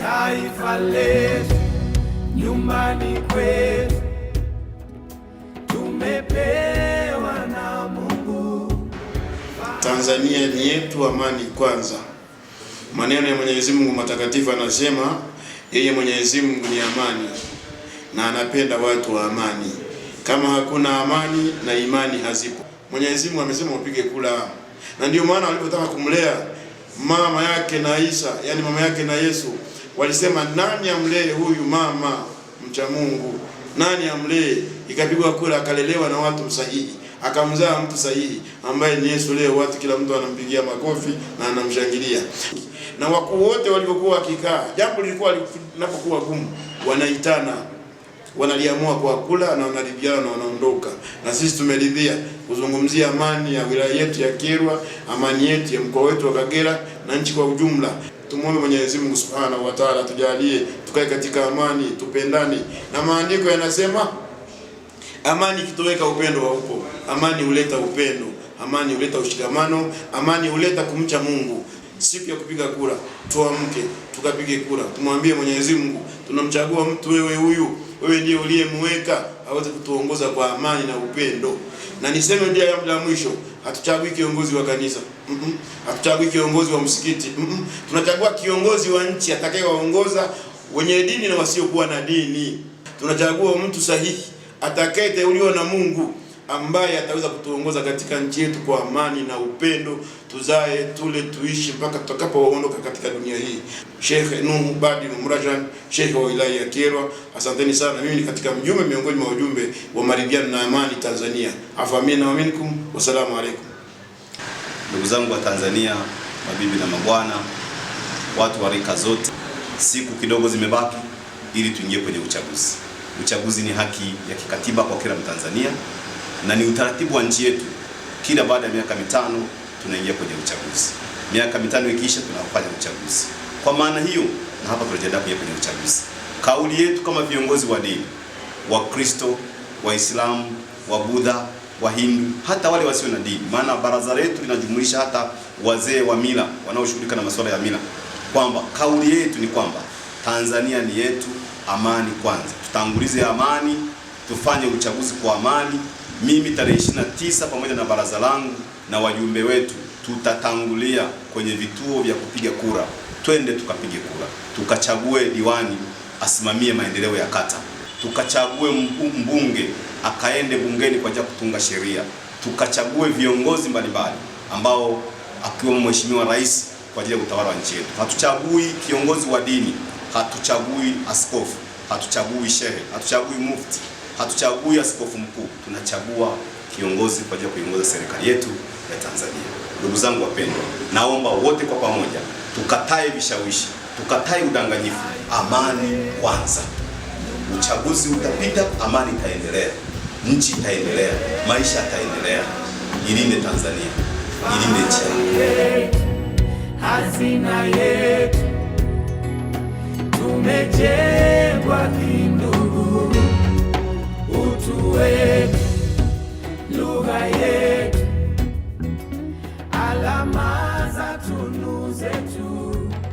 taifa letu, nyumbani kwetu, tumepewa na Mungu. Tanzania ni yetu, amani kwanza. Maneno ya Mwenyezi Mungu matakatifu anasema yeye Mwenyezi Mungu ni amani na anapenda watu wa amani. Kama hakuna amani na imani hazipo. Mwenyezi Mungu amesema upige kula, na ndio maana walipotaka kumlea mama yake na Isa, yani mama yake na Yesu walisema nani amlee huyu mama mcha Mungu, nani amlee? Ikapigwa kura, akalelewa na watu sahihi, akamzaa mtu sahihi ambaye ni Yesu. Leo watu kila mtu anampigia makofi na anamshangilia, na wakuu wote walivyokuwa wakikaa, jambo lilikuwa linapokuwa gumu, wanaitana wanaliamua kwa kula na wanalibiana na wanaondoka. Na sisi tumeridhia kuzungumzia amani ya wilaya yetu ya Kyerwa, amani yetu ya mkoa wetu wa Kagera na nchi kwa ujumla. Tumuombe Mwenyezi Mungu Subhanahu wa Ta'ala tujalie tukae katika amani, tupendane, na maandiko yanasema amani ikitoweka upendo haupo. Amani huleta upendo, amani huleta ushikamano, amani huleta kumcha Mungu siku ya kupiga kura, tuamke tukapige kura, tumwambie Mwenyezi Mungu tunamchagua mtu, wewe huyu, wewe ndiye uliyemweka aweze kutuongoza kwa amani na upendo. Na niseme pia la mwisho, hatuchagui kiongozi wa kanisa mm -mm. hatuchagui kiongozi wa msikiti mm -mm. tunachagua kiongozi wa nchi atakayewaongoza wenye dini na wasiokuwa na dini. Tunachagua mtu sahihi atakayeteuliwa na Mungu ambaye ataweza kutuongoza katika nchi yetu kwa amani na upendo, tuzae, tule, tuishi mpaka tutakapoondoka katika dunia hii. Sheikh Nuh Badi Murajan, Sheikh wa wilaya ya Kyerwa, asanteni sana. Mimi ni katika mjumbe miongoni mwa wajumbe wa maridhiano na amani Tanzania. Afamina wa minkum, wasalamu alaikum. Ndugu zangu wa Tanzania, mabibi na mabwana, watu wa rika zote, siku kidogo zimebaki ili tuingie kwenye uchaguzi. Uchaguzi ni haki ya kikatiba kwa kila Mtanzania na ni utaratibu wa nchi yetu, kila baada ya miaka mitano tunaingia kwenye uchaguzi. Miaka mitano ikiisha, tunafanya uchaguzi. Kwa maana hiyo, na hapa tunajiandaa kwenye uchaguzi. Kauli yetu kama viongozi wa dini, Wakristo, Waislamu, Wabudha, Wahindu, hata wale wasio na dini, maana baraza letu linajumuisha hata wazee wa mila wanaoshughulika na masuala ya mila, kwamba kauli yetu ni kwamba Tanzania ni yetu, amani kwanza. Tutangulize amani, tufanye uchaguzi kwa amani mimi tarehe 29 pamoja na baraza langu na wajumbe wetu tutatangulia kwenye vituo vya kupiga kura, twende tukapige kura, tukachague diwani asimamie maendeleo ya kata, tukachague mbunge akaende bungeni kwa ajili ya kutunga sheria, tukachague viongozi mbalimbali ambao akiwemo Mheshimiwa Rais kwa ajili ya utawala wa nchi yetu. Hatuchagui kiongozi wa dini, hatuchagui askofu, hatuchagui shehe, hatuchagui mufti hatuchagui askofu mkuu, tunachagua kiongozi kwa ajili ya kuiongoza serikali yetu ya Tanzania. Ndugu zangu wapendwa, naomba wote kwa pamoja tukatae vishawishi, tukatae udanganyifu. Amani kwanza. Uchaguzi utapita, amani itaendelea, nchi itaendelea, maisha yataendelea. Ilinde Tanzania, ilinde nchi hazina yetu tumejea